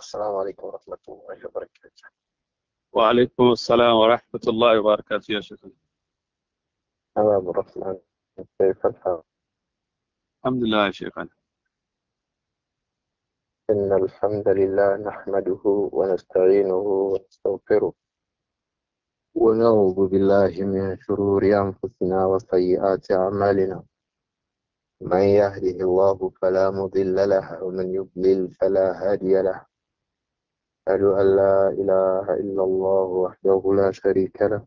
السلام عليكم ورحمة الله وبركاته وعليكم السلام ورحمة الله وبركاته يا شيخنا السلام الرحمن كيف الحال؟ الحمد لله يا شيخنا إن الحمد لله نحمده ونستعينه ونستغفره ونعوذ بالله من شرور أنفسنا وسيئات أعمالنا من يهده الله فلا مضل له ومن يضلل فلا هادي له أشهد أن لا إله إلا الله وحده لا شريك له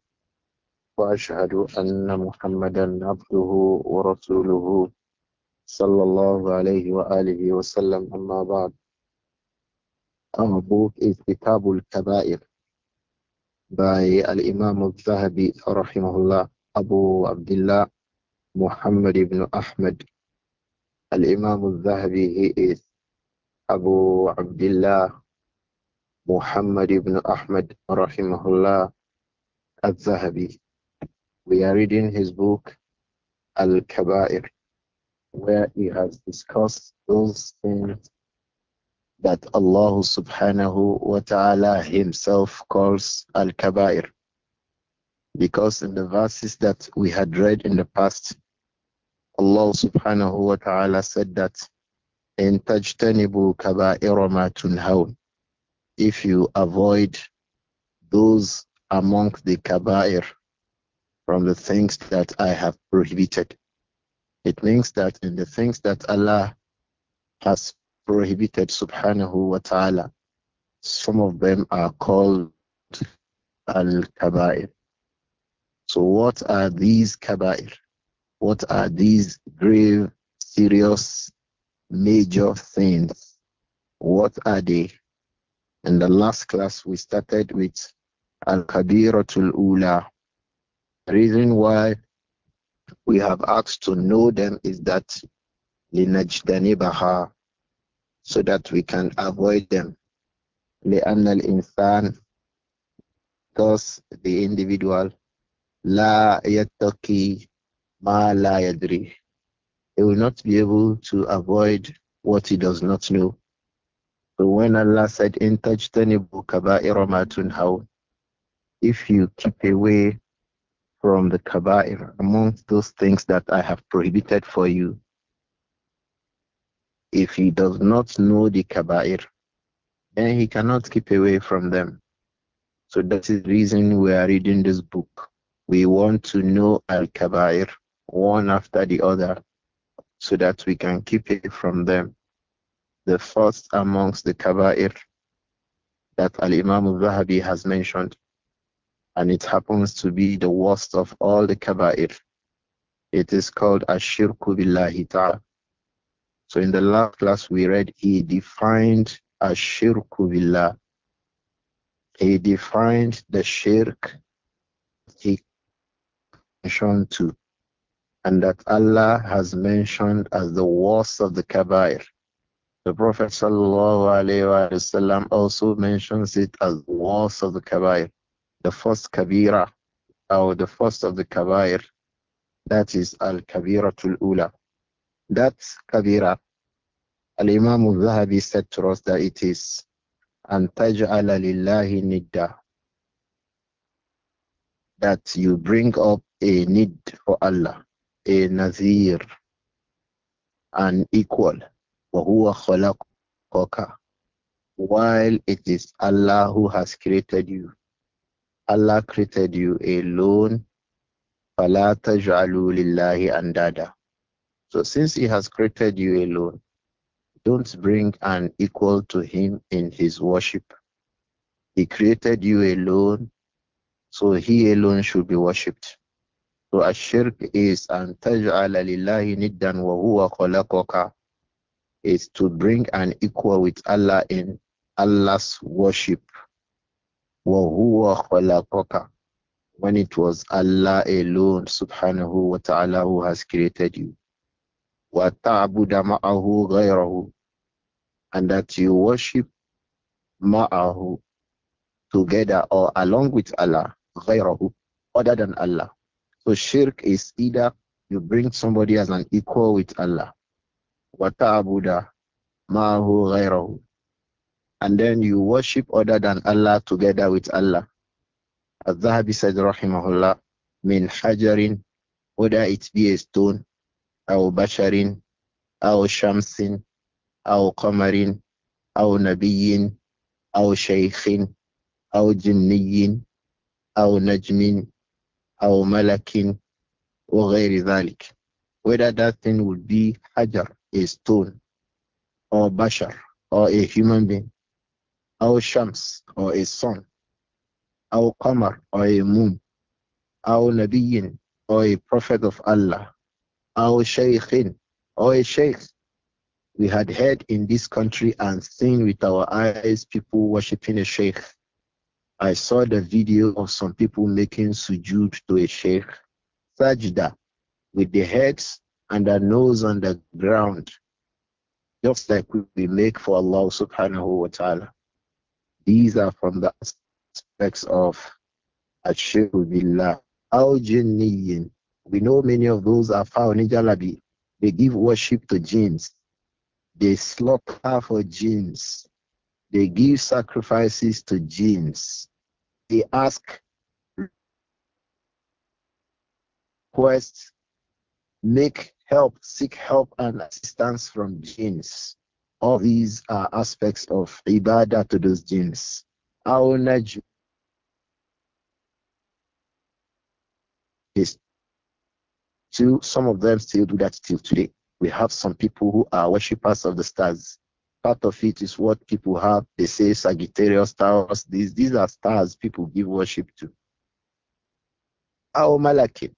وأشهد أن محمدا عبده ورسوله صلى الله عليه وآله وسلم أما بعد أبوك كتاب الكبائر باي الإمام الذهبي رحمه الله أبو عبد الله محمد بن أحمد الإمام الذهبي هي إذ أبو عبد الله Muhammad ibn Ahmad rahimahullah al-Zahabi. We are reading his book Al-Kaba'ir where he has discussed those things that Allah subhanahu wa ta'ala himself calls Al-Kaba'ir. Because in the verses that we had read in the past, Allah subhanahu wa ta'ala said that in tajtanibu kaba'ira ma tunhawn if you avoid those among the kaba'ir from the things that I have prohibited. It means that in the things that Allah has prohibited, subhanahu wa ta'ala, some of them are called al-kaba'ir. So what are these kaba'ir? What are these grave, serious, major things? What are they? In the last class, we started with Al Kabiratul Ula. The reason why we have asked to know them is that baha, so that we can avoid them. لأن insan, cause the individual la يتقي ma la yadri, he will not be able to avoid what he does not know so when Allah said, In tajtanibu kaba'ira ma how? if you keep away from the kaba'ir, amongst those things that I have prohibited for you, if he does not know the kaba'ir, then he cannot keep away from them. So that is the reason we are reading this book. We want to know al kaba'ir one after the other so that we can keep it from them the first amongst the kaba'ir that Al-Imam al-Zahabi has mentioned and it happens to be the worst of all the kaba'ir. It is called Ashirku Billahi Ta'ala. So in the last class we read, he defined Ashirku Billah. He defined the shirk he mentioned to, and that Allah has mentioned as the worst of the kaba'ir. The Prophet وسلم, also mentions it as the of the kabair, the first kabira, or the first of the kabair. That is al kabiratul ula. That kabira, Al Imam al Zahabi said to us that it is an taj'ala lillahi nidda. That you bring up a need for Allah, a nazir, an equal وَهُوَ خَلَقَكَ While it is Allah who has created you. Allah created you alone. فَلَا تَجْعَلُوا لِلَّهِ أَنْدَادًا So since He has created you alone, don't bring an equal to Him in His worship. He created you alone, so He alone should be worshipped. So shirk is an taj'ala lillahi niddan wa huwa is to bring an equal with Allah in Allah's worship. When it was Allah alone, subhanahu wa ta'ala, who has created you. And that you worship ma'ahu together or along with Allah, غيره, other than Allah. So shirk is either you bring somebody as an equal with Allah وَتَعْبُدَ مَعَهُ غَيْرَهُ And then you worship other than Allah together with Allah. Al-Zahabi said, Rahimahullah, min hajarin, whether it be a stone, أو بشر أو شمس أو قمر أو نبي أو شيخ أو جني أو whether that thing would be حجر a stone or bashar or a human being or shams or a sun or qamar or a moon or nabiyin or a prophet of Allah or shaykhin or a sheikh we had heard in this country and seen with our eyes people worshipping a sheikh I saw the video of some people making sujud to a sheikh sajda with the heads and our nose on the ground, just like we make for Allah subhanahu wa ta'ala. These are from the aspects of Ashirul Billah. Al Jinniyin. We know many of those are found in Jalabi. They give worship to jinns. They slaughter for jinns. They give sacrifices to jinns. They ask requests, make help, seek help and assistance from jinns. All these are aspects of ibadah to those jinns. Our Najm is to some of them still do that till today. We have some people who are worshippers of the stars. Part of it is what people have. They say Sagittarius stars. These these are stars people give worship to. Our Malakim.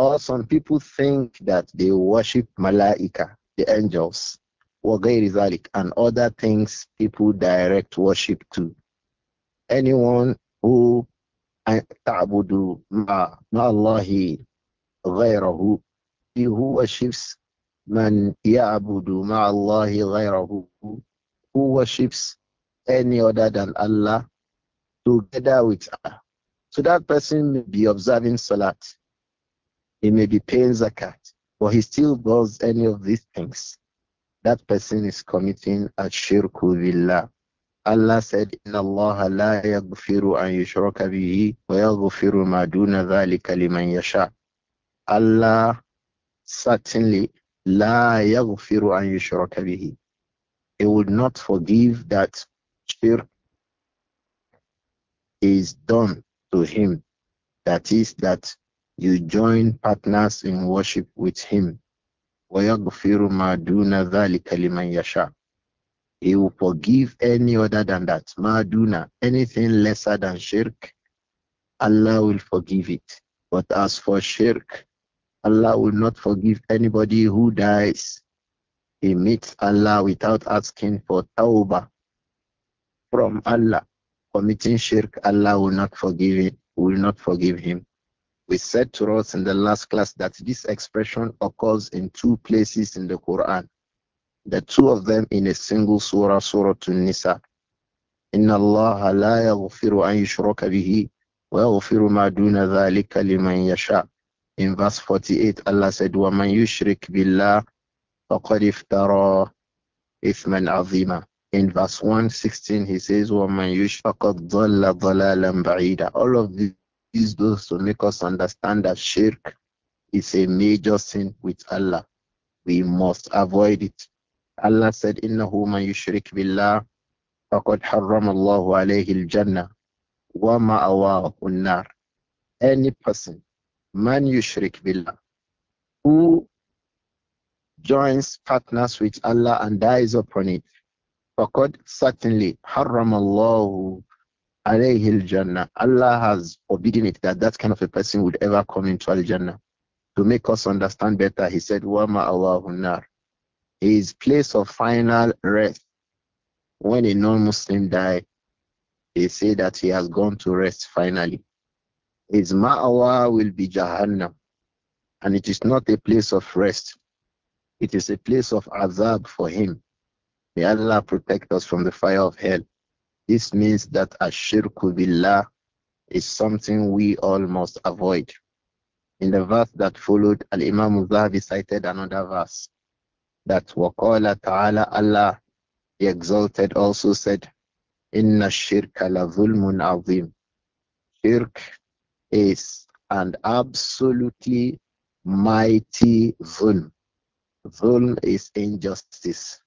Or some people think that they worship Malaika, the angels, وغير and other things people direct worship to. Anyone who ta'budu ma الله غيره he who worships man yabudu مع الله who worships any other than Allah together with Allah. So that person may be observing Salat, he may be paying zakat, but he still does any of these things. That person is committing a shirku billah. Allah said, Allah الله لا يغفر أن يشرك به ويغفر ma duna ذلك liman yasha." Allah certainly la yagfiru an يشرك bihi. He would not forgive that shirk is done to him. That is that you join partners in worship with him. He will forgive any other than that. Maduna, anything lesser than shirk, Allah will forgive it. But as for shirk, Allah will not forgive anybody who dies. He meets Allah without asking for tawbah from Allah. Committing shirk, Allah will not forgive it, will not forgive him. We said to us in the last class that this expression occurs in two places in the Quran. The two of them in a single surah, Surah to nisa إن الله لا يغفر أن يشرك به ويغفر ما دون ذلك لمن يشاء. In verse 48, Allah said, وَمَنْ يُشْرِكْ بِاللَّهِ فَقَدْ افْتَرَى إِثْمًا عَظِيمًا in verse 116 he says وَمَنْ يُشْفَقَدْ ضَلَّ ضَلَالًا بَعِيدًا all of these use those to make us understand that shirk is a major sin with Allah. We must avoid it. Allah said, Innahu man yushrik billah, faqad haram Allahu alayhi al-jannah, wa ma'awahu an-nar. Any person, man yushrik billah, who joins partners with Allah and dies upon it, faqad certainly haram Allahu alayhi jannah Allah has forbidden it that that kind of a person would ever come into al-jannah to make us understand better he said "Wa Allahu nar his place of final rest when a non-muslim dies they say that he has gone to rest finally his ma'awa will be jahannam and it is not a place of rest it is a place of azab for him may Allah protect us from the fire of hell this means that ashirku billah is something we all must avoid. In the verse that followed, Al Imam Zahabi cited another verse that Waqala Ta'ala Allah, the Exalted, also said, Inna shirka la zulmun azim. Shirk is an absolutely mighty zulm. Zulm is injustice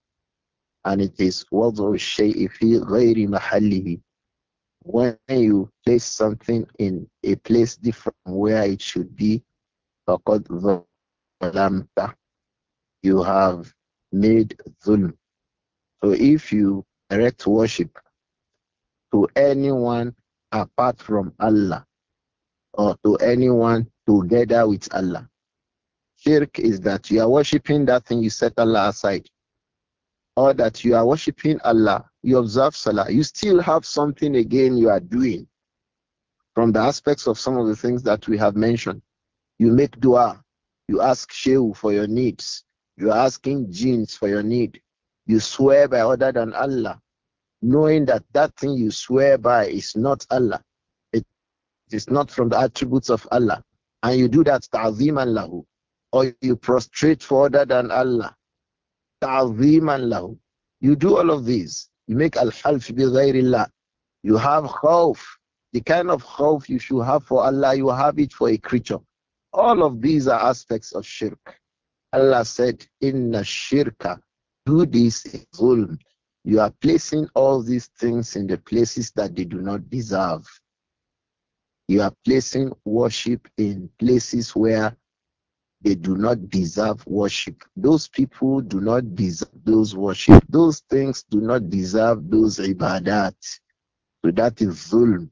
and it is وَضْعُ الشَّيْءِ فِي غَيْرِ مَحَلِّهِ When you place something in a place different where it should be, called ظَلَمْتَ You have made zulm. So if you direct worship to anyone apart from Allah or to anyone together with Allah, shirk is that you are worshipping that thing you set Allah aside or that you are worshiping Allah, you observe Salah, you still have something again you are doing from the aspects of some of the things that we have mentioned. You make dua, you ask Shehu for your needs, you're asking jinns for your need, you swear by other than Allah, knowing that that thing you swear by is not Allah. It is not from the attributes of Allah. And you do that ta'zim Allahu, or you prostrate for other than Allah, ta'ziman lahu. You do all of these. You make al-half bi ghayrillah. You have khawf. The kind of khawf you should have for Allah, you have it for a creature. All of these are aspects of shirk. Allah said, Inna shirka, do this zulm. You are placing all these things in the places that they do not deserve. You are placing worship in places where they do not deserve worship. Those people do not deserve those worship. Those things do not deserve those ibadat. So that is zulm.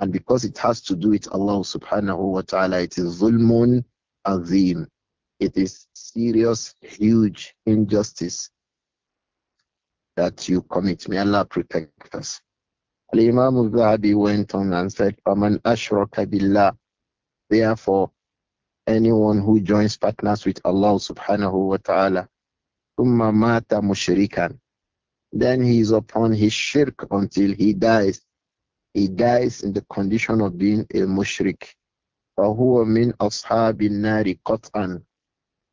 And because it has to do with Allah subhanahu wa ta'ala, it is zulmun azim. It is serious, huge injustice that you commit. May Allah protect us. Al-Imam al went on and said, فَمَنْ أَشْرَكَ بِاللَّهِ Therefore, anyone who joins partners with Allah subhanahu wa ta'ala. Umma mata mushrikan. Then he is upon his shirk until he dies. He dies in the condition of being a mushrik. فَهُوَ مِنْ أَصْحَابِ النَّارِ قَطْعًا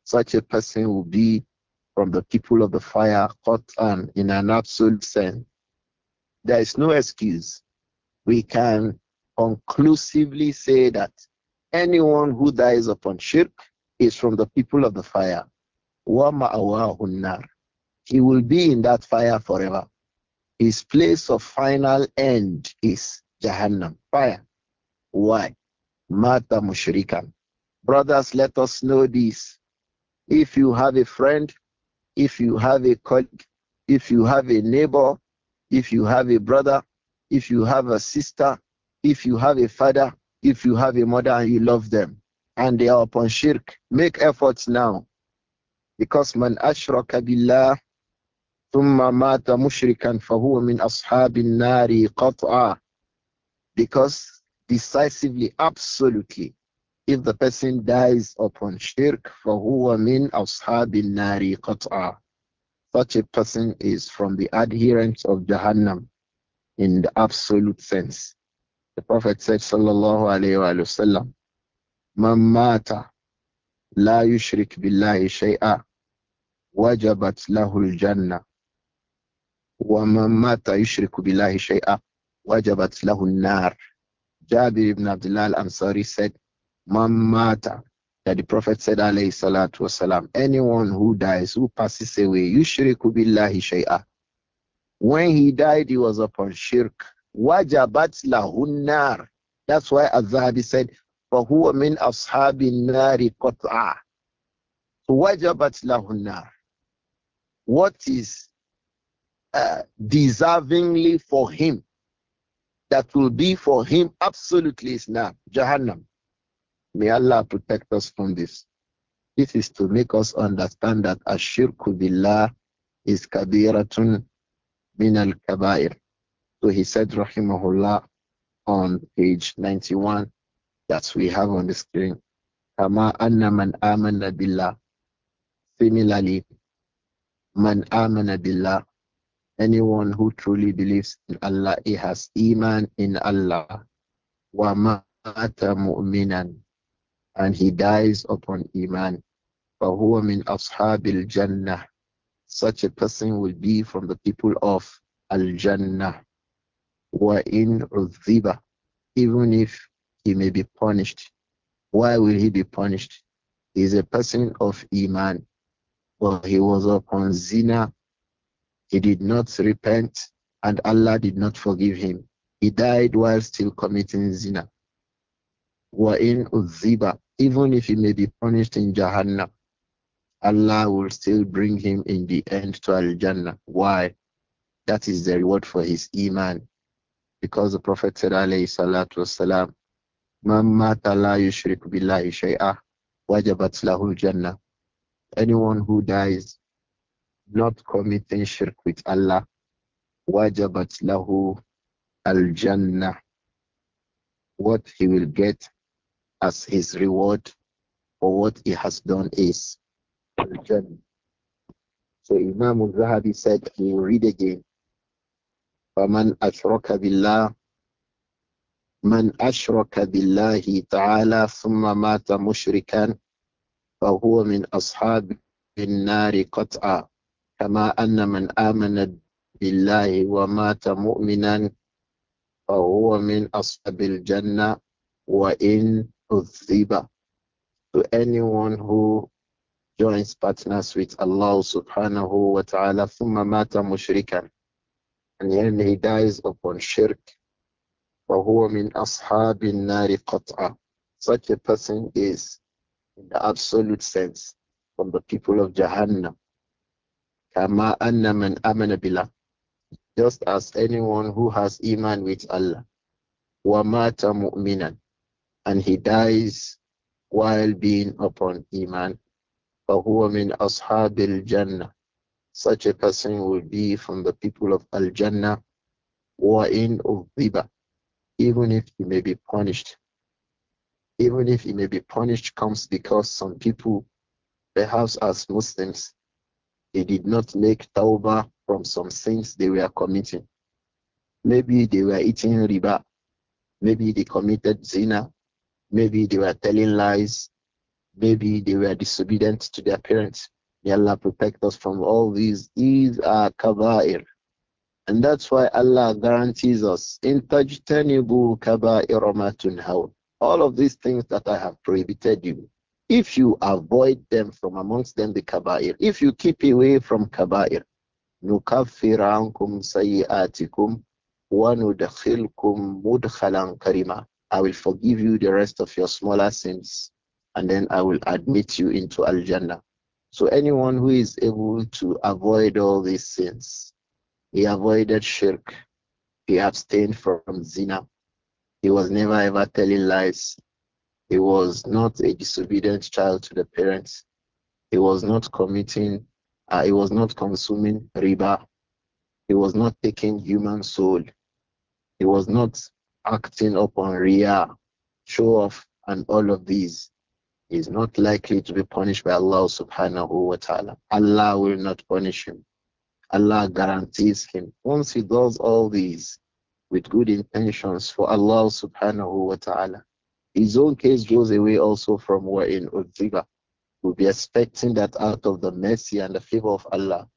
Such a person will be from the people of the fire qat'an in an absolute sense. There is no excuse. We can conclusively say that Anyone who dies upon shirk is from the people of the fire. He will be in that fire forever. His place of final end is Jahannam, fire. Why? Mata mushrikan. Brothers, let us know this. If you have a friend, if you have a colleague, if you have a neighbor, if you have a brother, if you have a sister, if you have a father if you have a mother and you love them and they are upon shirk, make efforts now. Because man ashraka billah thumma mata mushrikan fahuwa min ashabin nari qat'a. Because decisively, absolutely, if the person dies upon shirk, fahuwa min ashabin nari qat'a. Such a person is from the adherents of Jahannam in the absolute sense. The Prophet said, Sallallahu Alaihi Wasallam, Man mata la yushrik billahi shay'a wajabat lahul jannah wa man mata yushriku billahi shay'a wajabat lahul nar. Jabir ibn Abdullah al-Ansari said, Man mata that the Prophet said alayhi salatu wasalam, anyone who dies, who passes away, yushriku billahi shay'a. When he died, he was upon shirk. Wajabat lahunnar. That's why al said, فَهُوَ مِنْ أَصْحَابِ النَّارِ قَطْعًا Wajabat lahunnar. What is uh, deservingly for him, that will be for him absolutely is not Jahannam. May Allah protect us from this. This is to make us understand that Ashirku Billah is Kabiratun min al Kabair. So he said, Rahimahullah, on page 91 that we have on the screen. Kama anna man amana billah. Similarly, man amana billah. Anyone who truly believes in Allah, he has iman in Allah. Wa mata mu'minan. And he dies upon iman. فَهُوَ مِنْ أَصْحَابِ jannah. Such a person will be from the people of Al-Jannah in عُذِّبَ Even if he may be punished. Why will he be punished? He is a person of Iman. Well, he was upon zina. He did not repent and Allah did not forgive him. He died while still committing zina. in عُذِّبَ Even if he may be punished in Jahannam. Allah will still bring him in the end to Al Jannah. Why? That is the reward for his Iman. Because the Prophet said, alayhi salatu wasalam, Man mata la yushrik billahi shay'ah, wajabat lahul jannah. Anyone who dies not committing shirk with Allah, wajabat lahu al jannah. What he will get as his reward for what he has done is al jannah. So Imam al-Zahabi said, we will read again. فمن أشرك بالله من أشرك بالله تعالى ثم مات مشركا فهو من أصحاب النار قطعا كما أن من آمن بالله ومات مؤمنا فهو من أصحاب الجنة وإن عذب to anyone who joins partners with Allah subhanahu wa ta'ala ثم مات مشركا and then he dies upon shirk, فَهُوَ مِنْ أَصْحَابِ النَّارِ Such a person is, in the absolute sense, from the people of Jahannam. كَمَا أَنَّ أَمَنَ بِاللَّهِ Just as anyone who has iman with Allah. وَمَاتَ مُؤْمِنًا And he dies while being upon iman. فَهُوَ مِنْ أَصْحَابِ الْجَنَّةِ such a person will be from the people of Al Jannah or in of riba, even if he may be punished. Even if he may be punished, comes because some people, perhaps as Muslims, they did not make tawbah from some sins they were committing. Maybe they were eating riba, maybe they committed zina, maybe they were telling lies, maybe they were disobedient to their parents. Allah protect us from all these. These are kaba'ir. And that's why Allah guarantees us, in kaba'ir All of these things that I have prohibited you. If you avoid them from amongst them, the kaba'ir. If you keep away from kaba'ir. نكفر عنكم سيئاتكم kum مدخلا karima. I will forgive you the rest of your smaller sins and then I will admit you into Al-Jannah. So anyone who is able to avoid all these sins, he avoided shirk, he abstained from zina, he was never ever telling lies, he was not a disobedient child to the parents, he was not committing, uh, he was not consuming riba, he was not taking human soul, he was not acting upon riyah, show off, and all of these is not likely to be punished by Allah subhanahu wa ta'ala. Allah will not punish him. Allah guarantees him. Once he does all these with good intentions for Allah subhanahu wa ta'ala, his own case goes away also from where in Udhiba. We'll be expecting that out of the mercy and the favor of Allah,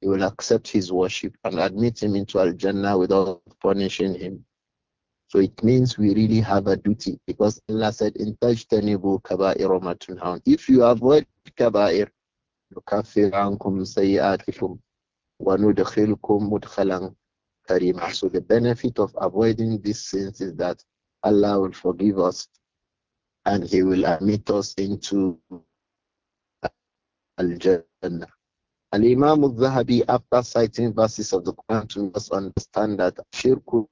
he will accept his worship and admit him into Al Jannah without punishing him. So it means we really have a duty because Allah said, In kaba kaba'ir matunhaun. If you avoid kaba'ir, نكفر عنكم سيئاتكم وندخلكم مدخلا So the benefit of avoiding these sins is that Allah will forgive us and He will admit us into Al Jannah. Al Imam al Zahabi, after citing verses of the Quran to us understand that shirku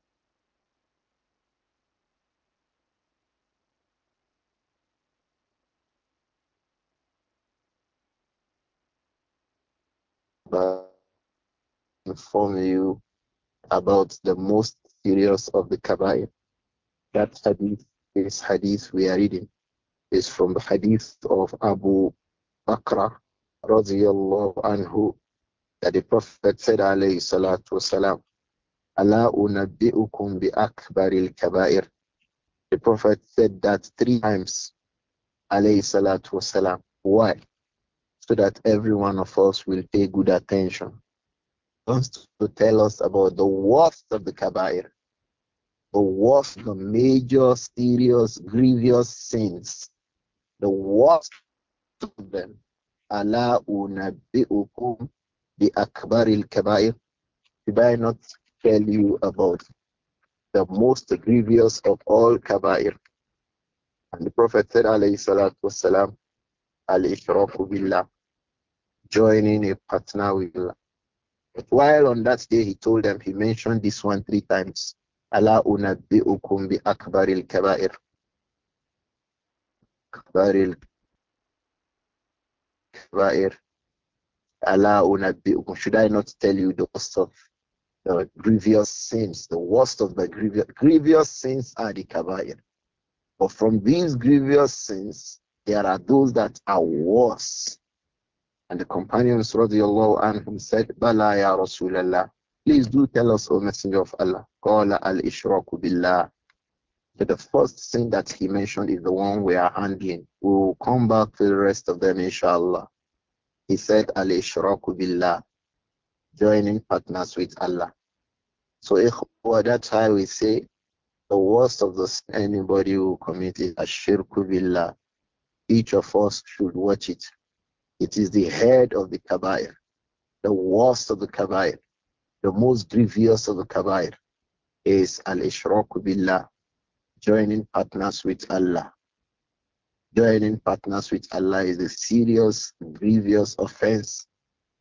inform you about the most serious of the kaba'ir. That hadith is hadith we are reading. is from the hadith of Abu Bakr radiyallahu anhu that the Prophet said alayhi salatu wasalam, Allah unabbi'ukum bi akbaril kaba'ir. The Prophet said that three times alayhi salatu wasalam. Why? so that every one of us will pay good attention. Wants to tell us about the worst of the kabair, the worst, the major, serious, grievous sins, the worst of them. Allah unabbi'ukum bi akbaril kabair. Did I not tell you about the most grievous of all kabair? And the Prophet said, alayhi salatu wasalam, al-ishraku billah joining a partner with But while on that day he told them, he mentioned this one three times. Allah unabbi'ukum bi akbaril kaba'ir. Akbaril kaba'ir. Allah unabbi'ukum. Should I not tell you the worst of the grievous sins? The worst of the grievous, grievous sins are the kaba'ir. But from these grievous sins, there are those that are worse and the companions radiallahu anhum said, Bala ya Rasulallah. Please do tell us, O Messenger of Allah. Qala al-ishraku billah. But the first thing that he mentioned is the one we are handling. We will come back to the rest of them, inshallah. He said, al-ishraku billah. Joining partners with Allah. So that's why we say the worst of the anybody who commit is a shirku billah. Each of us should watch it. It is the head of the kabair, the worst of the kabair, the most grievous of the kabair is al-ishraq billah, joining partners with Allah. Joining partners with Allah is a serious, grievous offense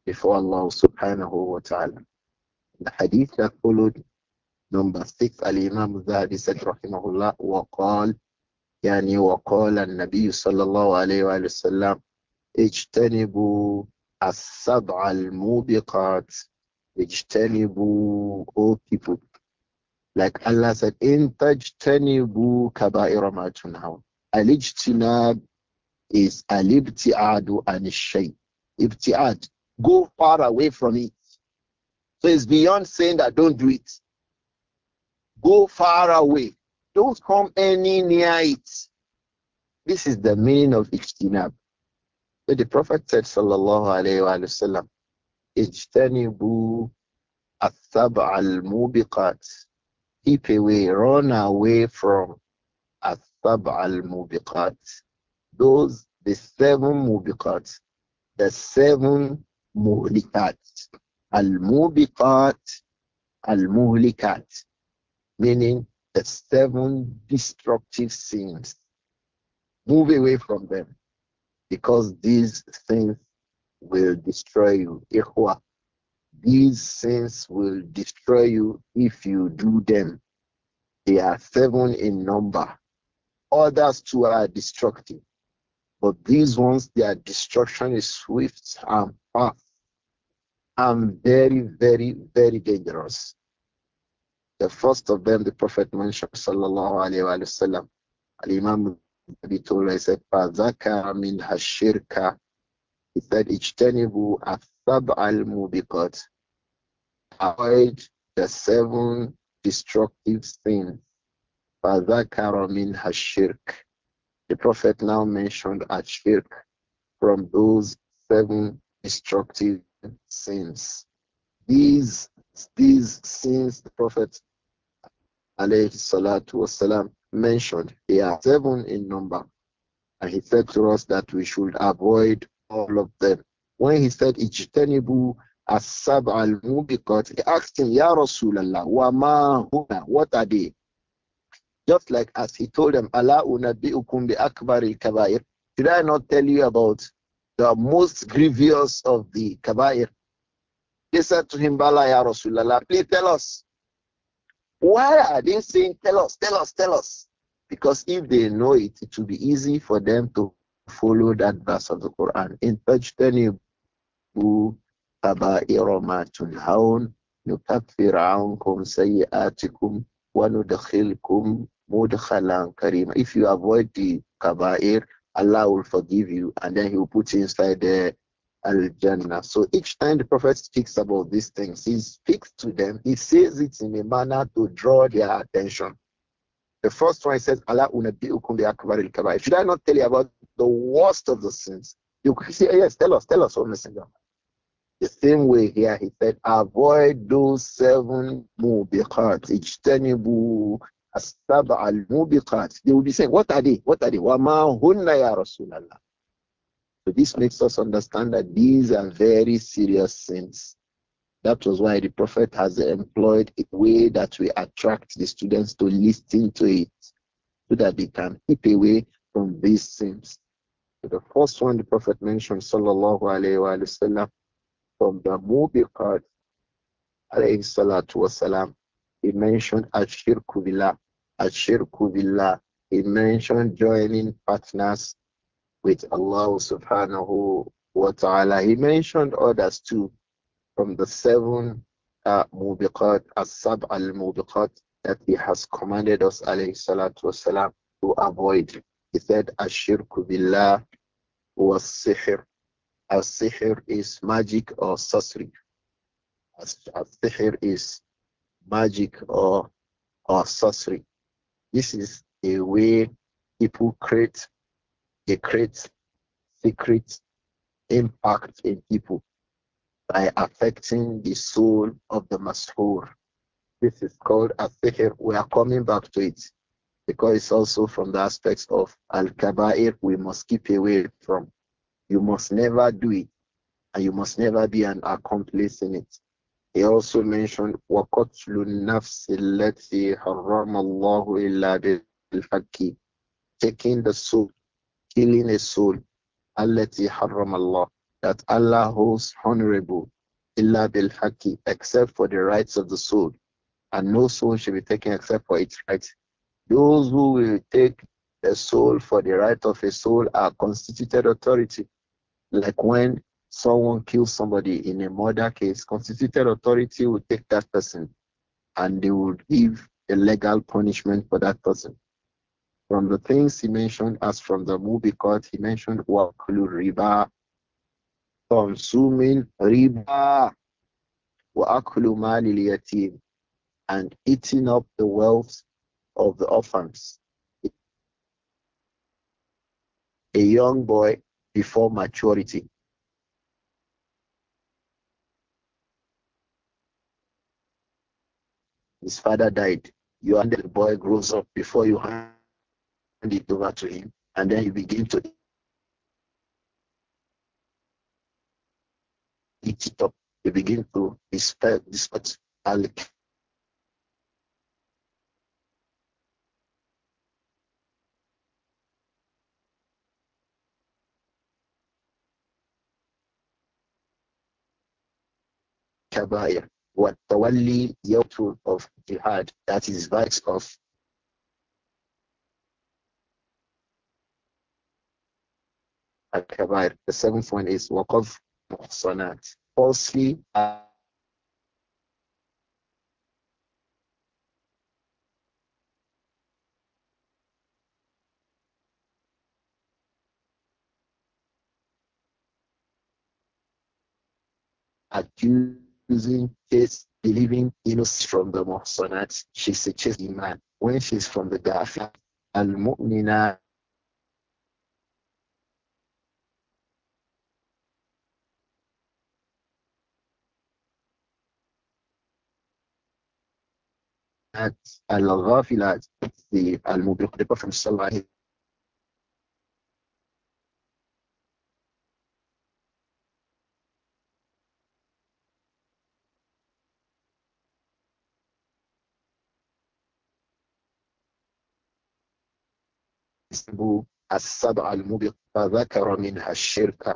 before Allah subhanahu wa ta'ala. The hadith that followed, number six, Al-Imam Zahabi said, rahimahullah, وقال, يعني وقال النبي صلى الله عليه وآله وسلم اجتنبوا السبع الموبقات اجتنبوا O people like Allah said in tajtanibu kaba ma tunhawn al-ijtinab is al-ibtiadu an-shay ibtiad go far away from it so it's beyond saying that don't do it go far away don't come any near it this is the meaning of ijtinab so the Prophet said, Sallallahu Alaihi Wasallam, Ijtanibu Athab al Mubiqat. Keep away, run away from Athab al Mubiqat. Those, the seven Mubiqat, the seven Muhlikat. Al Mubiqat, Al Muhlikat, meaning the seven destructive sins. Move away from them because these things will destroy you. Ikhwa, these sins will destroy you if you do them. They are seven in number. Others too are destructive. But these ones, their destruction is swift and fast and very, very, very dangerous. The first of them, the Prophet mentioned, sallallahu alayhi wa al-Imam he told us, he said, فَذَكَرَ مِنْهَا الشِّرْكَ He said, اجتنبوا al الْمُبِقَةِ Avoid the seven destructive sins. فَذَكَرَ مِنْهَا الشِّرْكَ The Prophet now mentioned ashirk from those seven destructive sins. These these sins the Prophet alayhi salatu wasalam mentioned. They are seven in number. And he said to us that we should avoid all of them. When he said Ijtanibu Asab al mubikat he asked him, Ya Rasulallah, wa ma huna, what are they? Just like as he told them, Allah unabbi'ukum bi akbar al kabair. Did I not tell you about the most grievous of the kabair? They said to him, Bala ya Rasulallah, please tell us. Why are they saying, tell us, tell us, tell us? Because if they know it, it will be easy for them to follow that verse of the Quran. In Tajtanibu Kaba'ira ma tunhaun Kum ankum sayi'atikum wa kum mudhalan karim. If you avoid the Kaba'ir, Allah will forgive you and then he will put you inside the Al Jannah. So each time the Prophet speaks about these things, he speaks to them, he says it in a manner to draw their attention. The first one he says, Allah unabiukum Should I not tell you about the worst of the sins? You say, yes, tell us, tell us, O Messenger. The same way here, he said, avoid those seven mubiqat, ijtanibu astab al mubiqat. They will be saying, what are they? What are they? Wama hunna ya Rasulallah. So this makes us understand that these are very serious sins. That was why the Prophet has employed a way that we attract the students to listen to it so that they can keep away from these sins. So the first one the Prophet mentioned, sallallahu alayhi wa, sallam, from the Mubiqat, alayhi salatu wasalam, he mentioned Ashirku Billah. Ashirku Billah. He mentioned joining partners with Allah subhanahu wa ta'ala. He mentioned others too from the seven uh, mubiqat, as-sab al-mubiqat that he has commanded us alayhi salatu wasalam to avoid. He said, ashirku billah was sihr. As-sihr is magic or sorcery. As-sihr is magic or, or sorcery. This is a way people create it creates secret impact in people by affecting the soul of the Masur. This is called a sihr. We are coming back to it because it's also from the aspects of al kabair we must keep away from. You must never do it, and you must never be an accomplice in it. He also mentioned وَقَتْلُ النَّفْسِ الَّتِي حَرَّمَ اللَّهُ إِلَّا fakir Taking the soul killing a soul, التي حرم Allah, that Allah holds honorable, ilā بالحق, except for the rights of the soul. And no soul should be taken except for its rights. Those who will take a soul for the right of a soul are constituted authority. Like when someone kills somebody in a murder case, constituted authority will take that person and they will give a legal punishment for that person. From the things he mentioned as from the movie called, he mentioned waqlu riba, consuming riba, wa malil yatim, and eating up the wealth of the orphans. A young boy before maturity. His father died. You and the boy grows up before you have hand it over to him, and then you begin to eat it up. You begin to dispel this al kabaya what the yawful of jihad that is vice of Al-Kabair. The seventh one is Waqaf Muhsanat. Falsely uh, accusing, is believing innocent from the Muhsanat. She suggests man When she's from the Gafi, al-mu'minat at al-ghafilat, the al-mubiq, the Prophet sallallahu as-sab'a al-mubiq فذكر منها الشرك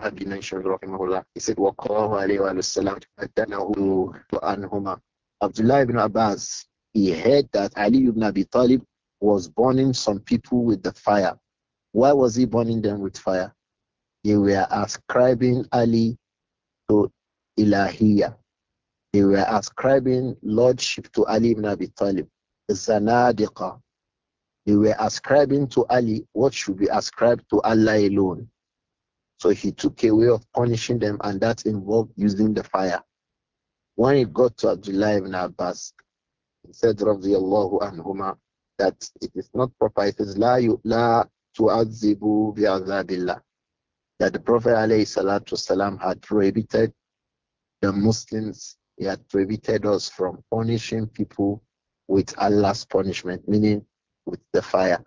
had been mentioned, rahimahullah. He said, Waqahu alayhi wa sallam, faddanahu Abdullah ibn Abbas, he heard that Ali ibn Abi Talib was burning some people with the fire. Why was he burning them with fire? They were ascribing Ali to Ilahiyah. They were ascribing lordship to Ali ibn Abi Talib, Zanadiqa. They were ascribing to Ali what should be ascribed to Allah alone. So he took a way of punishing them, and that involved using the fire. When it got to Abdullah ibn Abbas, he said, Radiallahu anhuma, that it is not proper. It is la azibu bi bi'azabillah. That the Prophet والسلام, had prohibited the Muslims, he had prohibited us from punishing people with Allah's punishment, meaning with the fire.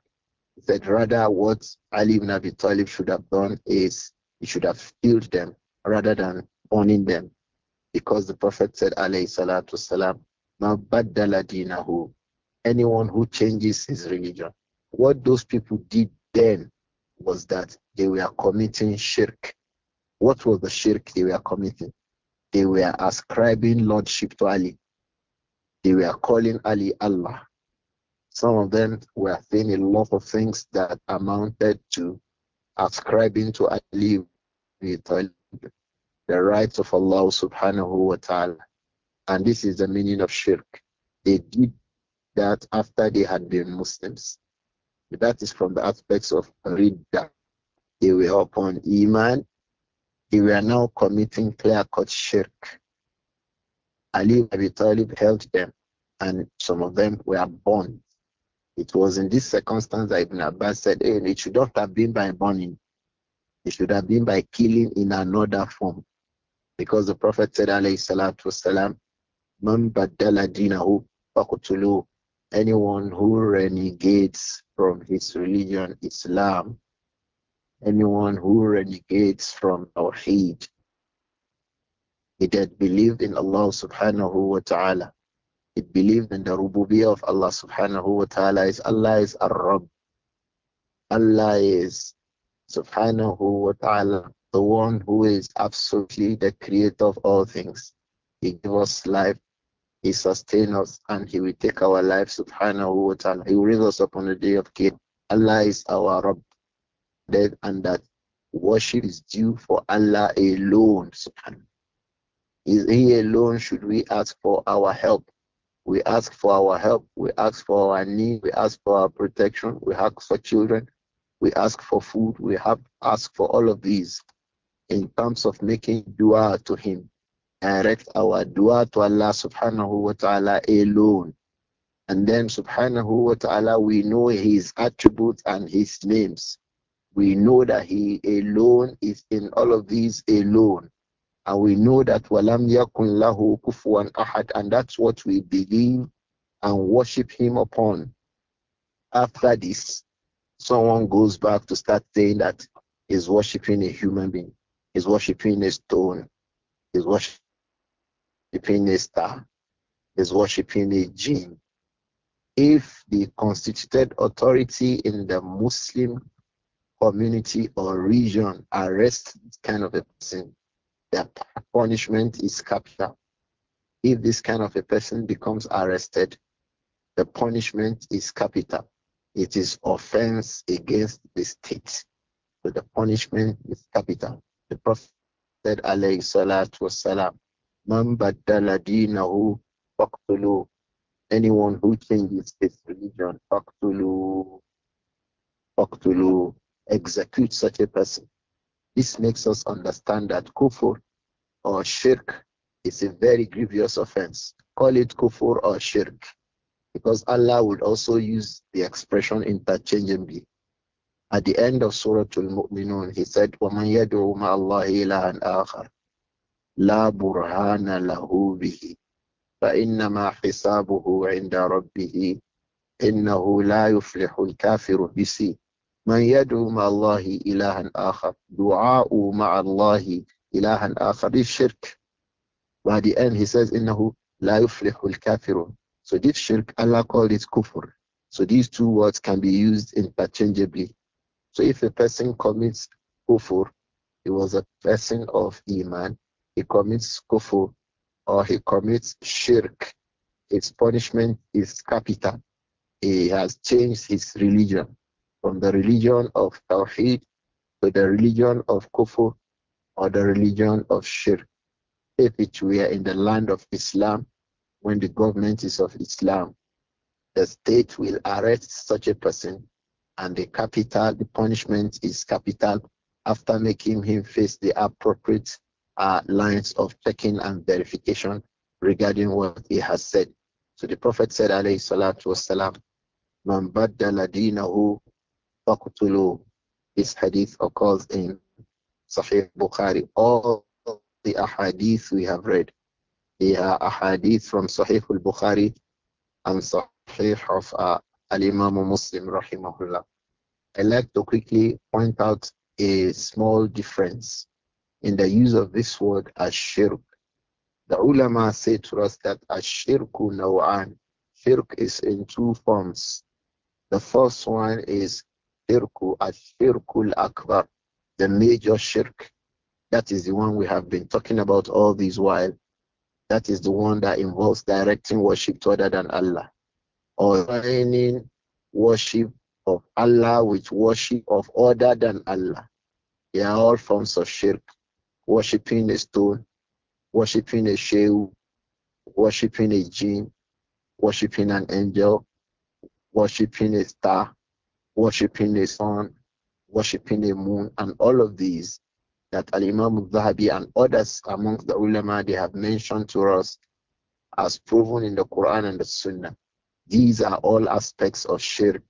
He said, rather, what Ali ibn Abi Talib should have done is you should have killed them rather than burning them. Because the Prophet said, alayhi salatu salam, dinahu. anyone who changes his religion. What those people did then was that they were committing shirk. What was the shirk they were committing? They were ascribing lordship to Ali. They were calling Ali Allah. Some of them were saying a lot of things that amounted to ascribing to Ali the rights of Allah subhanahu wa ta'ala. And this is the meaning of shirk. They did that after they had been Muslims. That is from the aspects of Ridda. They were upon Iman. They were now committing clear-cut shirk. Ali Abi Talib helped them, and some of them were burned. It was in this circumstance that Ibn Abbas said, hey, it should not have been by burning. It should have been by killing in another form. Because the Prophet said, alayhi salatu wasalam, Man baddala dinahu Anyone who renegates from his religion, Islam, anyone who renegates from Tawheed, he that believed in Allah subhanahu wa ta'ala, it believes in the rububiyyah of Allah subhanahu wa ta'ala is Allah is Ar-Rabb. Allah is subhanahu wa ta'ala, the one who is absolutely the creator of all things. He gives us life, He sustains us, and He will take our life subhanahu wa ta'ala. He will raise us on the day of Qiyamah. Allah is our Rabb. That and that worship is due for Allah alone, subhanahu. Is He alone should we ask for our help? We ask for our help. We ask for our need. We ask for our protection. We ask for children. We ask for food. We have asked for all of these in terms of making dua to Him. Direct our dua to Allah subhanahu wa ta'ala alone. And then subhanahu wa ta'ala, we know His attributes and His names. We know that He alone is in all of these alone. And we know that walam yakun lahu kufuwan ahad, and that's what we believe and worship him upon. After this, someone goes back to start saying that he's worshiping a human being, he's worshiping a stone, he's worshiping a star, he's worshiping a jinn. If the constituted authority in the Muslim community or region arrests this kind of a person, their punishment is capital. If this kind of a person becomes arrested, the punishment is capital. It is offense against the state. So the punishment is capital. The Prophet said, alayhi salatu wasalam, man baddala dinahu faqtulu. Anyone who changes his religion, faqtulu, faqtulu, execute such a person. This makes us understand that kufr or shirk is a very grievous offense. Call it kufr or shirk, because Allah would also use the expression interchangeably. At the end of Surah Al-Mu'minun, He said, وَمَنْ يَدْعُ مَعَ اللَّهِ إِلَهًا آخَرَ لَا بُرْهَانَ لَهُ بِهِ فإنما حسابه عند ربه إنه لا يفلح الكافر بسي من يدعو مع الله إلها آخر دعاء مع الله إلها آخر is shirk by the end he says إنه لا يفلح الكافرون so this shirk Allah called it kufr so these two words can be used interchangeably so if a person commits kufr he was a person of iman he commits kufr or he commits shirk his punishment is capital he has changed his religion from the religion of Tawheed to the religion of Kufu or the religion of Shirk. If it were in the land of Islam, when the government is of Islam, the state will arrest such a person and the capital, the punishment is capital after making him face the appropriate uh, lines of checking and verification regarding what he has said. So the Prophet said, alayhi salatu wasalam, man baddala this hadith occurs in Sahih Bukhari. All the ahadith we have read, they are ahadith from Sahih al-Bukhari and Sahih of uh, al-Imam Muslim rahimahullah. I'd like to quickly point out a small difference in the use of this word as shirk. The ulama say to us that as shirku nawan, shirk is in two forms. The first one is shirku akbar, the major shirk. That is the one we have been talking about all this while. That is the one that involves directing worship to other than Allah or joining worship of Allah with worship of other than Allah. They are all forms of shirk. Worshipping a stone, worshipping a shew, worshipping a jinn, worshipping an angel, worshipping a star, worshipping the sun, worshipping the moon, and all of these that Al Imam al Zahabi and others among the ulama they have mentioned to us as proven in the Quran and the Sunnah. These are all aspects of shirk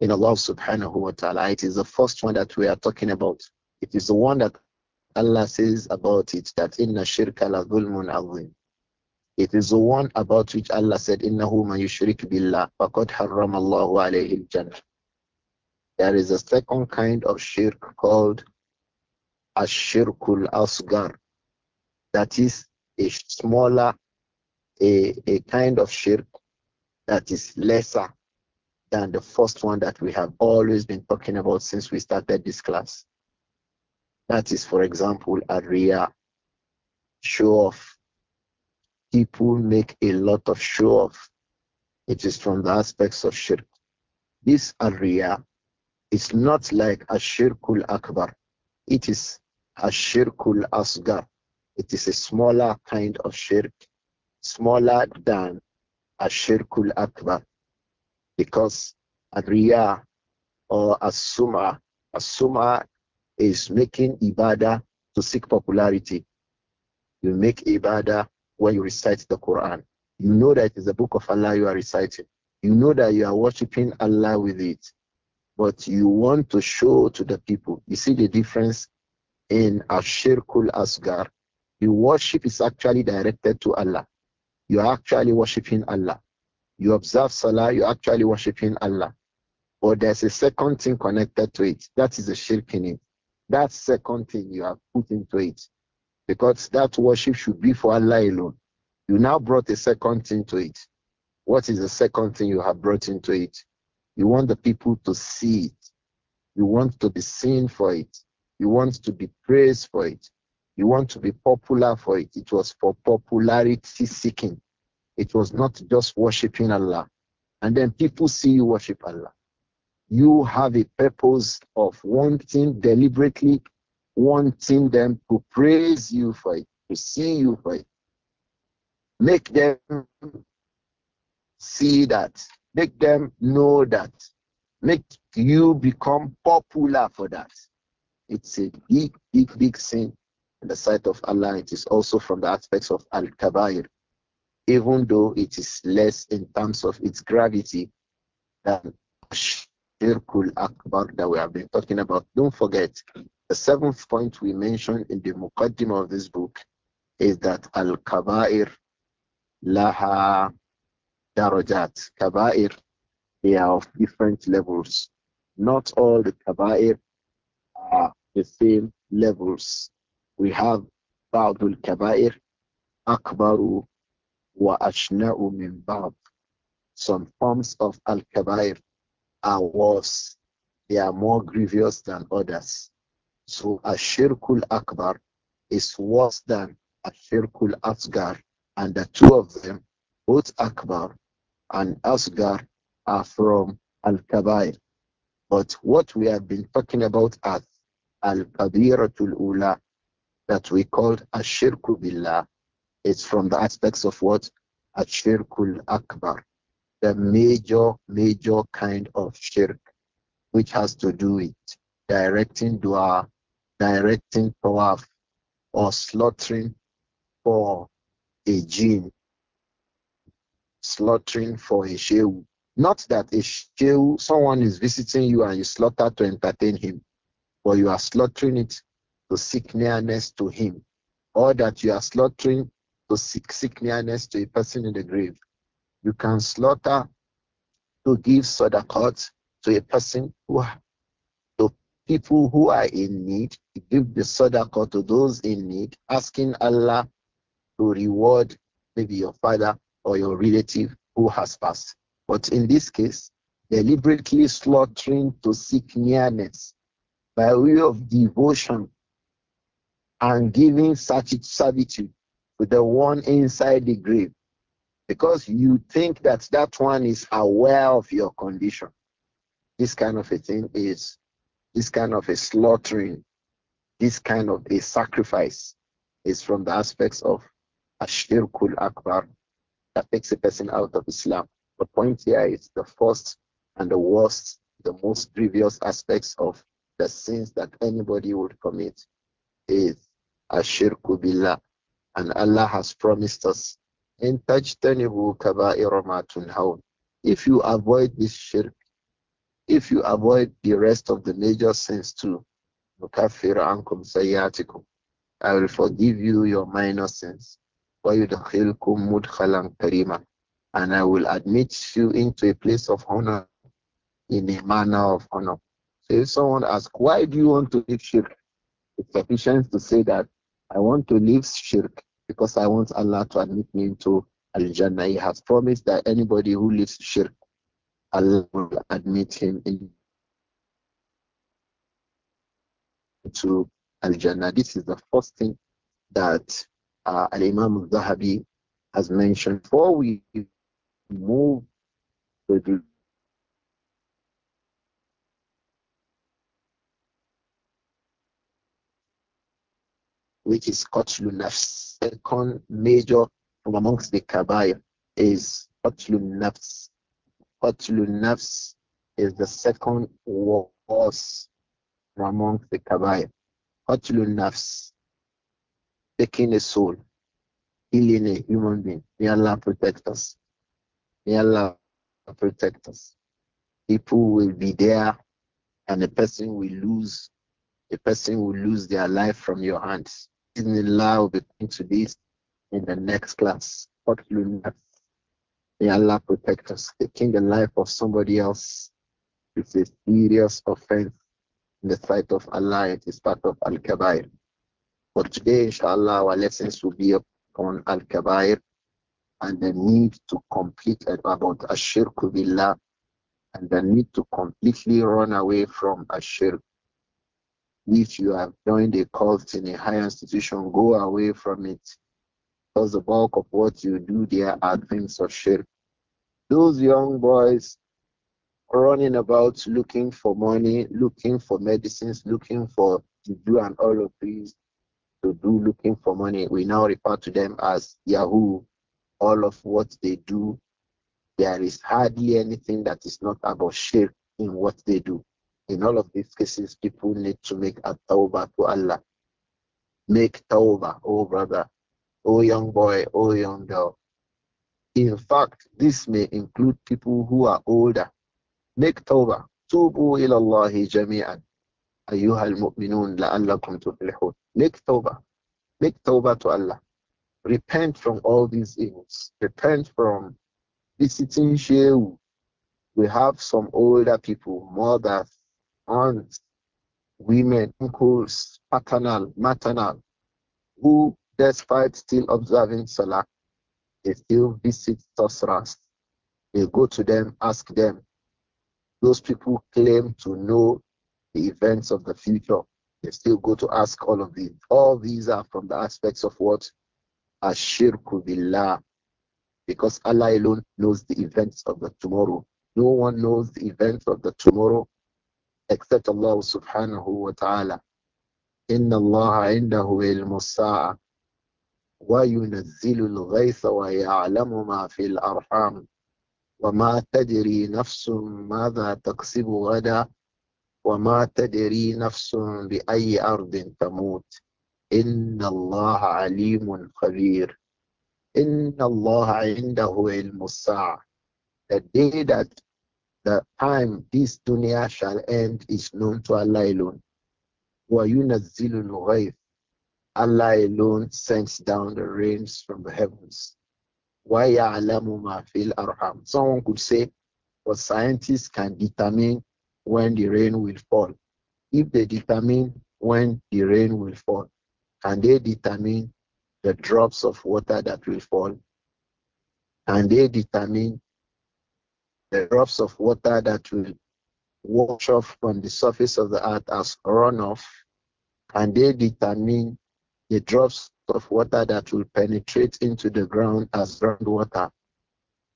in Allah subhanahu wa ta'ala. It is the first one that we are talking about. It is the one that Allah says about it that inna shirka la zulmun azim. It is the one about which Allah said, Innahu man yushrik billah, faqad harram Allahu alayhi al-jannah. There is a second kind of shirk called ashirkul asgar. That is a smaller, a, a kind of shirk that is lesser than the first one that we have always been talking about since we started this class. That is, for example, a ria show off. People make a lot of show off. It is from the aspects of shirk. This ria. It's not like a shirkul Akbar. It is a shirkul Asgar. It is a smaller kind of shirk, smaller than a shirkul Akbar. Because Adriya or Asuma, Asuma is making Ibadah to seek popularity. You make Ibadah when you recite the Quran. You know that it is the book of Allah you are reciting. You know that you are worshiping Allah with it but you want to show to the people. You see the difference in Ashirkul Asgar. The worship is actually directed to Allah. You are actually worshiping Allah. You observe Salah, you're actually worshiping Allah. But there's a second thing connected to it. That is the shirk in it. That second thing you have put into it. Because that worship should be for Allah alone. You now brought a second thing to it. What is the second thing you have brought into it? You want the people to see it. You want to be seen for it. You want to be praised for it. You want to be popular for it. It was for popularity seeking. It was not just worshiping Allah. And then people see you worship Allah. You have a purpose of wanting deliberately, wanting them to praise you for it, to see you for it. Make them see that Make them know that. Make you become popular for that. It's a big, big, big sin in the sight of Allah. It is also from the aspects of Al Kabair, even though it is less in terms of its gravity than Shirkul Akbar that we have been talking about. Don't forget, the seventh point we mentioned in the Muqaddimah of this book is that Al Kabair laha darajat. Kaba'ir, they are of different levels. Not all the kaba'ir are the same levels. We have Ba'dul Kaba'ir, Akbaru wa Ashna'u min Ba'd. Some forms of Al-Kaba'ir are worse. They are more grievous than others. So Ashirkul Akbar is worse than Ashirkul Asgar. And the two of them, both Akbar and Asgar are from Al Kabair. But what we have been talking about as Al Kabiratul Ula, that we called Ashirku Billah, it's from the aspects of what? Ashirkul Akbar, the major, major kind of shirk, which has to do with directing dua, directing tawaf, or slaughtering for a jinn slaughtering for a shehu. Not that a shehu, someone is visiting you and you slaughter to entertain him, but you are slaughtering it to seek nearness to him, or that you are slaughtering to seek, seek nearness to a person in the grave. You can slaughter to give sadaqat to a person who to people who are in need, give the sadaqah to those in need, asking Allah to reward maybe your father or your relative who has passed. But in this case, deliberately slaughtering to seek nearness by way of devotion and giving such servitude to the one inside the grave because you think that that one is aware of your condition. This kind of a thing is this kind of a slaughtering, this kind of a sacrifice is from the aspects of Ashirkul Akbar that takes a person out of Islam. The point here is the first and the worst, the most grievous aspects of the sins that anybody would commit is ashirku billah. And Allah has promised us, in tajtanibu kaba'ira ma tunhaun. If you avoid this shirk, if you avoid the rest of the major sins too, nukafir ancom sayyatikum. I will forgive you your minor sins. And I will admit you into a place of honor, in a manner of honor. So if someone asks, why do you want to leave shirk? It's sufficient to say that I want to leave shirk because I want Allah to admit me into Al-Jannah. He has promised that anybody who leaves shirk, Allah will admit him into Al-Jannah. This is the first thing that uh, Al Imam Zahabi has mentioned before we move to the which is Qatlun Nafs. Second major from amongst the Kabair is Qatlun Nafs. Qatlun Nafs is the second worst from amongst the Kabair. Qatlun Nafs taking a soul, healing a human being. May Allah protect us. May Allah protect us. People will be there and a person will lose a person will lose their life from your hands. In Allah will be coming to this in the next class. May Allah protect us. Taking the life of somebody else is a serious offense in the sight of Allah. It is part of Al Kabair. For today, inshallah, our lessons will be upon Al Kabair and the need to complete about Ashirk Billah and the need to completely run away from Ashirk. If you have joined a cult in a higher institution, go away from it. Because the bulk of what you do there are things of shirk. Those young boys running about looking for money, looking for medicines, looking for to do and all of these, to do looking for money, we now refer to them as Yahoo. All of what they do, there is hardly anything that is not about shirk in what they do. In all of these cases, people need to make a tawbah to Allah. Make tawbah, oh brother, oh young boy, oh young girl. In fact, this may include people who are older. Make tawbah. Tubu ilallahi jami'an ayyuhal mu'minun Make tawbah. Make tawbah to Allah. Repent from all these evils. Repent from visiting shehu. We have some older people, mothers, aunts, women, uncles, paternal, maternal, who, despite still observing Salah, they still visit sorcerers. They go to them, ask them. Those people claim to know the events of the future. They still go to ask all of these. All these are from the aspects of what? Ashirku billah. Because Allah alone knows the events of the tomorrow. No one knows the events of the tomorrow except Allah subhanahu wa ta'ala. إن الله عنده علم الساعة وينزل الغيث ويعلم ما في الأرحام وما تدري نفس ماذا تكسب غدا وما تدري نفس بأي أرض تموت إن الله عليم خبير إن الله عنده علم الساعة The day that the time this dunya shall end is known to Allah alone. وَيُنَزِّلُ الْغَيْثِ Allah alone sends down the rains from the heavens. وَيَعْلَمُ مَا فِي الْأَرْحَامِ Someone could say, or scientists can determine when the rain will fall. If they determine when the rain will fall, can they determine the drops of water that will fall? Can they determine the drops of water that will wash off from the surface of the earth as runoff? Can they determine the drops of water that will penetrate into the ground as groundwater?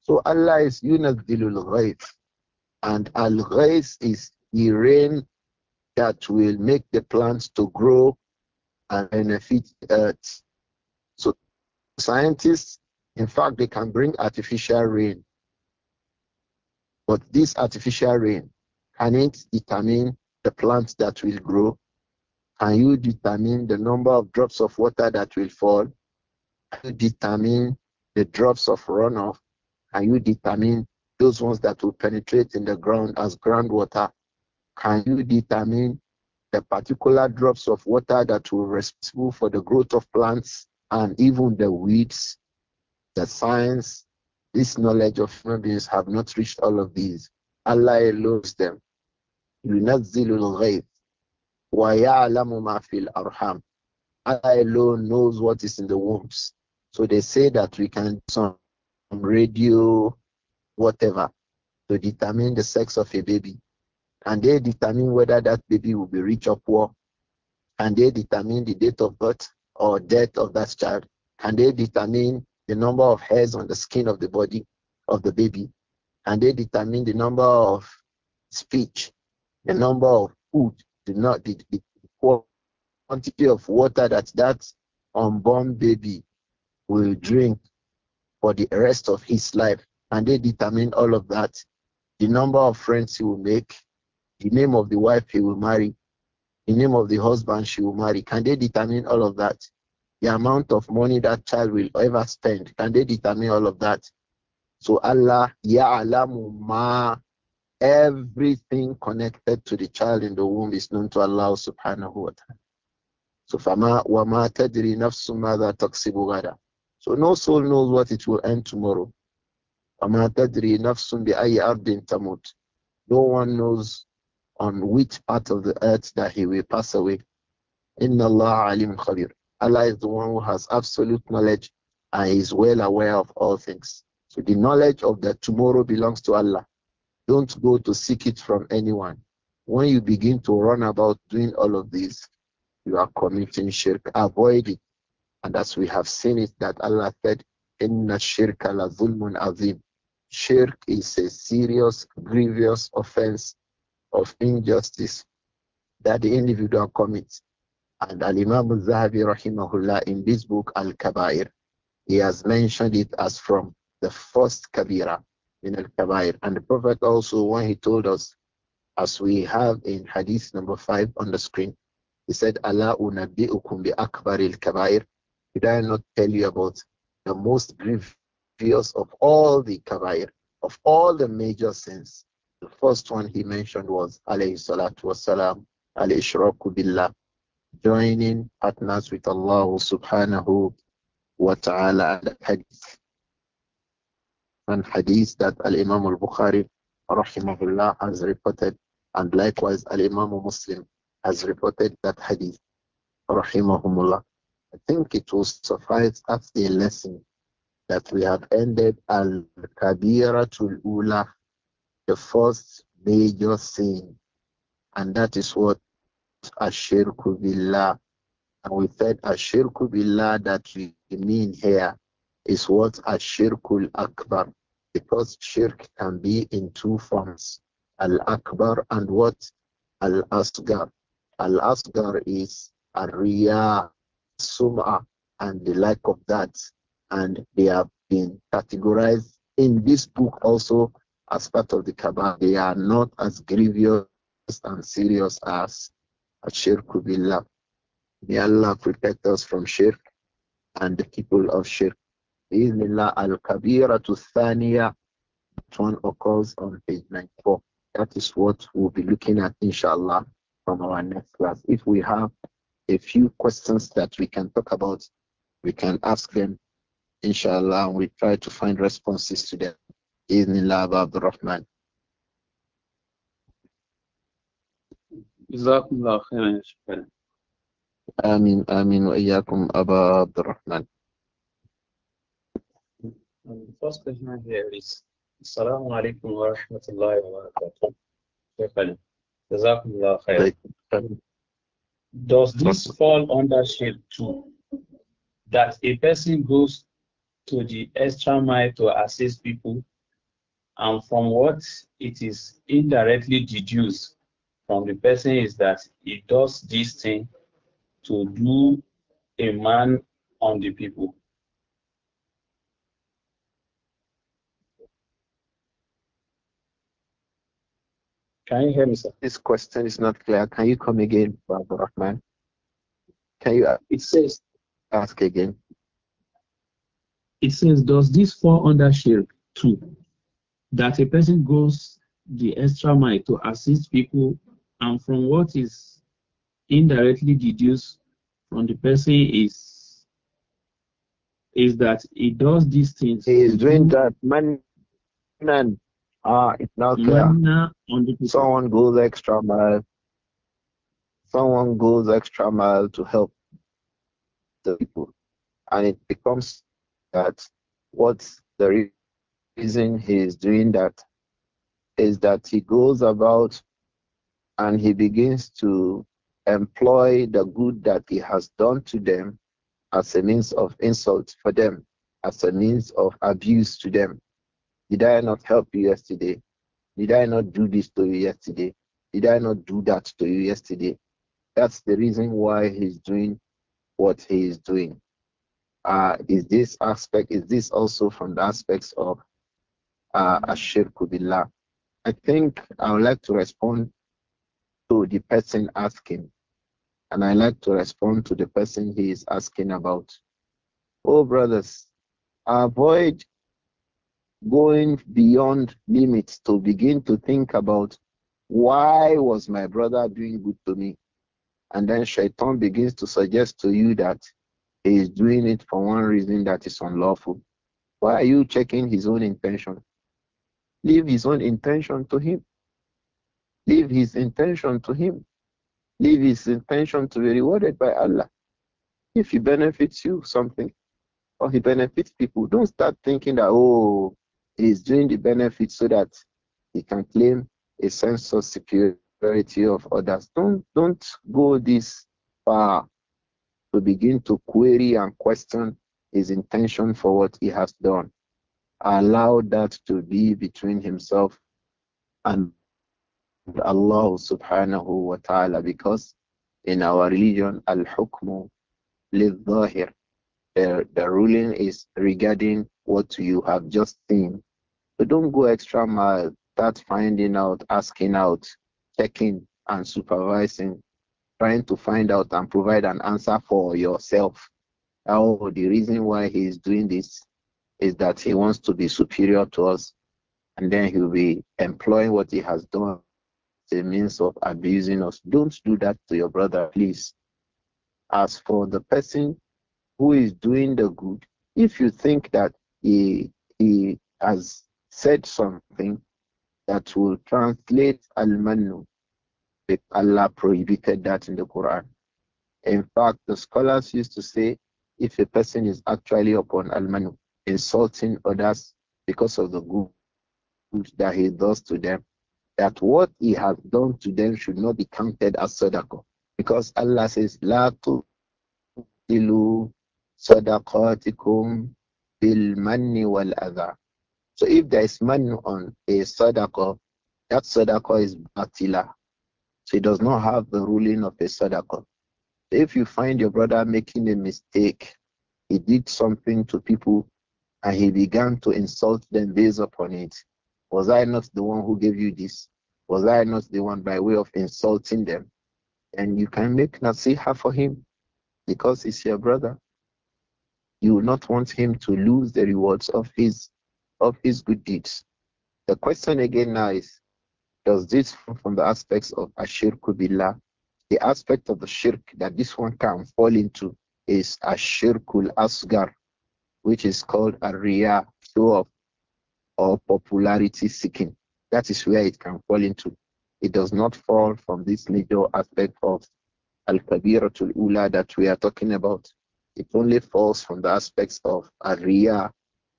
So Allah is Yunazilul Ghayb. And al ghais is the rain that will make the plants to grow and benefit earth. So scientists, in fact, they can bring artificial rain. But this artificial rain, can it determine the plants that will grow? Can you determine the number of drops of water that will fall? Can you determine the drops of runoff? Can you determine those ones that will penetrate in the ground as groundwater, can you determine the particular drops of water that will responsible for the growth of plants and even the weeds? The science, this knowledge of human beings have not reached all of these. Allah loves them. ينزل الغيث ويعلم ما في الأرحام Allah alone knows what is in the wombs. So they say that we can do some radio whatever to determine the sex of a baby. And they determine whether that baby will be rich or poor. And they determine the date of birth or death of that child. And they determine the number of hairs on the skin of the body of the baby. And they determine the number of speech, the number of food, the, not, the, the quantity of water that that unborn baby will drink for the rest of his life and they determine all of that the number of friends he will make, the name of the wife he will marry, the name of the husband she will marry. Can they determine all of that? The amount of money that child will ever spend, can they determine all of that? So Allah, Ya Allah, Ma, everything connected to the child in the womb is known to Allah subhanahu wa ta'ala. So Fama Wama Tadri Nafsumada Taksibu So no soul knows what it will end tomorrow. No one knows on which part of the earth that he will pass away. Inna Allah alim Allah is the one who has absolute knowledge and is well aware of all things. So the knowledge of the tomorrow belongs to Allah. Don't go to seek it from anyone. When you begin to run about doing all of this, you are committing shirk. Avoid it. And as we have seen it, that Allah said, Inna shirka la zulmun azim. Shirk is a serious, grievous offense of injustice that the individual commits. And Al Imam Zahabi, rahimahullah, in this book, Al Kabair, he has mentioned it as from the first Kabira in Al Kabair. And the Prophet also, when he told us, as we have in Hadith number five on the screen, he said, Allah unabbi'ukum bi akbaril Kabair. Did I not tell you about the most grievous obvious of all the kabair, of all the major sins. The first one he mentioned was alayhi salatu wasalam, alayhi shiraku billah, joining partners with Allah subhanahu wa ta'ala and hadith. And hadith that Al-Imam al-Bukhari rahimahullah has reported and likewise Al-Imam Muslim has reported that hadith rahimahumullah. I think it will suffice as a lesson that we have ended Al Kabiratul Ula, the first major sin, and that is what Ashirku Billah. And we said Ashirku Billah that we mean here is what Ashirkul Akbar, because shirk can be in two forms Al Akbar and what Al Asgar. Al Asgar is Al Riyah, Sum'ah, and the like of that and they have been categorized in this book also as part of the Kaaba. They are not as grievous and serious as shirkul Billah. May Allah protect us from Shirk and the people of Shirk. Bismillah al-Kabira to Thaniya. one occurs on page 94. That is what we'll be looking at, inshallah, from our next class. If we have a few questions that we can talk about, we can ask them inshallah, we try to find responses to them. in um, the Rahman. of الله خيرا يا First question here is Does this fall under shirk too? That a person goes to the extra mile to assist people and from what it is indirectly deduced from the person is that he does this thing to do a man on the people. Can you hear me, sir? This question is not clear. Can you come again, Brother Rahman? Can you? Uh, it says. Ask again it says, Does this fall under shirk too? That a person goes the extra mile to assist people, and from what is indirectly deduced from the person is is that he does these things. He is doing that. Man, man, ah, it's not clear. Someone goes extra mile. Someone goes extra mile to help the people, and it becomes that what the reason he is doing that is that he goes about and he begins to employ the good that he has done to them as a means of insult for them, as a means of abuse to them. Did I not help you yesterday? Did I not do this to you yesterday? Did I not do that to you yesterday? That's the reason why he's doing what he is doing uh, is this aspect, is this also from the aspects of uh, Ashirku Billah? I think I would like to respond to the person asking, and I like to respond to the person he is asking about. Oh, brothers, avoid going beyond limits to begin to think about why was my brother doing good to me? And then Shaitan begins to suggest to you that he is doing it for one reason that is unlawful, why are you checking his own intention? Leave his own intention to him. Leave his intention to him. Leave his intention to be rewarded by Allah. If he benefits you something, or he benefits people, don't start thinking that, oh, he's doing the benefit so that he can claim a sense of superiority of others. Don't don't go this far to begin to query and question his intention for what he has done. Allow that to be between himself and Allah subhanahu wa ta'ala because in our religion, al hukmu lil-zahir. The, the ruling is regarding what you have just seen. So don't go extra mile. Start finding out, asking out, checking, and supervising trying to find out and provide an answer for yourself. Oh, the reason why he is doing this is that he wants to be superior to us, and then he'll be employing what he has done as a means of abusing us. Don't do that to your brother, please. As for the person who is doing the good, if you think that he he has said something that will translate al-manu Allah prohibited that in the Quran. In fact, the scholars used to say if a person is actually upon Almanu, insulting others because of the good that he does to them, that what he has done to them should not be counted as sadaqah. Because Allah says, La ilu sadaqatikum bil manni wal adha. So if there is man on a sadaqah, that sadaqah is batila. So he does not have the ruling of a sadaqah. If you find your brother making a mistake, he did something to people and he began to insult them based upon it. Was I not the one who gave you this? Was I not the one by way of insulting them? And you can make nasiha for him because he's your brother. You will not want him to lose the rewards of his of his good deeds. The question again now is does this from the aspects of ashirku billah? The aspect of the shirk that this one can fall into is ashirkul asgar, which is called a riya, show of or popularity seeking. That is where it can fall into. It does not fall from this major aspect of al kabiratul ula that we are talking about. It only falls from the aspects of a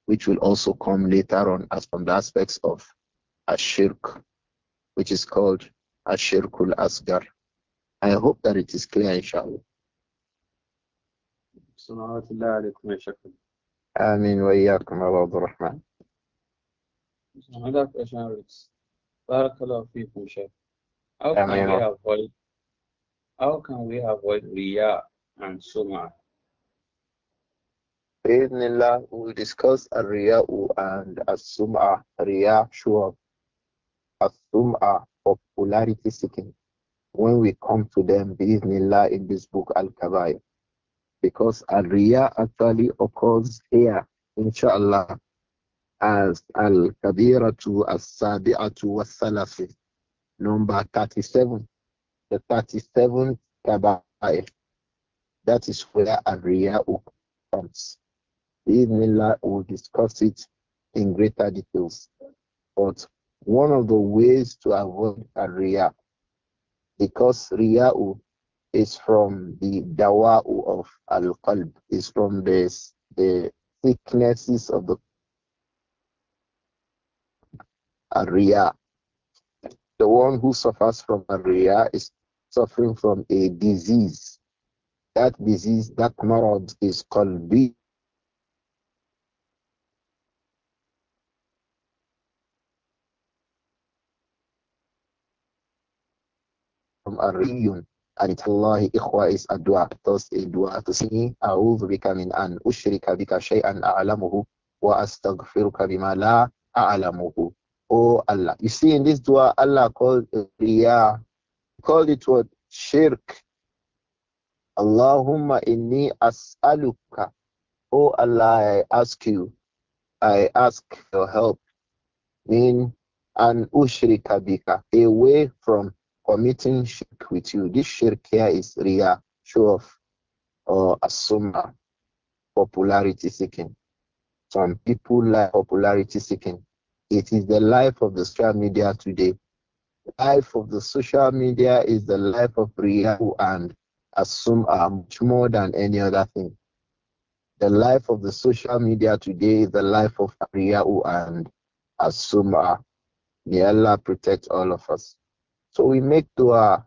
which will also come later on as from the aspects of ashirk which is called Ashirkul Asgar. I hope that it is clear, inshallah. صلوات الله عليكم يا شيخ آمين وإياكم يا عبد الرحمن هذاك أشاركس بارك الله How can we avoid How can we avoid riya and Suma? بإذن we will discuss الرياء and السمعة رياء show as-sum'a popularity seeking when we come to them bi'idhnillah in this book Al-Kabair. Because Al-Riya actually occurs here, inshallah, as Al-Kabiratu As-Sabi'atu Was-Salafi, number 37, the 37th Kabair. That is where Al-Riya comes. Bi'idhnillah will discuss it in greater details. But one of the ways to avoid Riya, because ria'u is from the Dawa'u of Al Qalb, is from the, the sicknesses of the Riya. The one who suffers from Riya is suffering from a disease. That disease, that marad is qalbi ariyun and tallahi ikhwa is a dua thus a dua to say a'udhu bika min an ushrika bika shay'an a'lamuhu wa astaghfiruka bima la a'lamuhu oh allah you see in this dua allah called riya called it what shirk allahumma inni as'aluka oh allah i ask you i ask your help min an ushrika bika away from committing shirk with you. This shirk here is real. show of or asuma, popularity seeking. Some people like popularity seeking. It is the life of the social media today. Life of the social media is the life of riya and asuma much more than any other thing. The life of the social media today is the life of riya and asuma. May Allah protect all of us. So we make dua,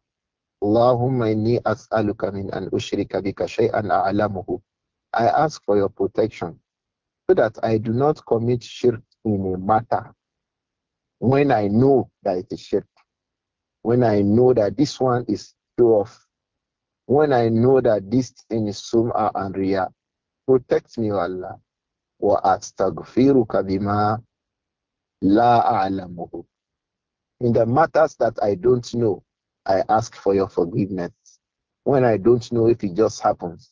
Allahumma inni as'aluka min an ushrika bika shay'an a'lamuhu. I ask for your protection so that I do not commit shirk in a matter when I know that it is shirk, when I know that this one is true when I know that this thing is sum'a and riya. Protect me, Allah. Wa وَأَسْتَغْفِرُكَ bima la أَعْلَمُهُ in the matters that I don't know, I ask for your forgiveness. When I don't know if it just happens,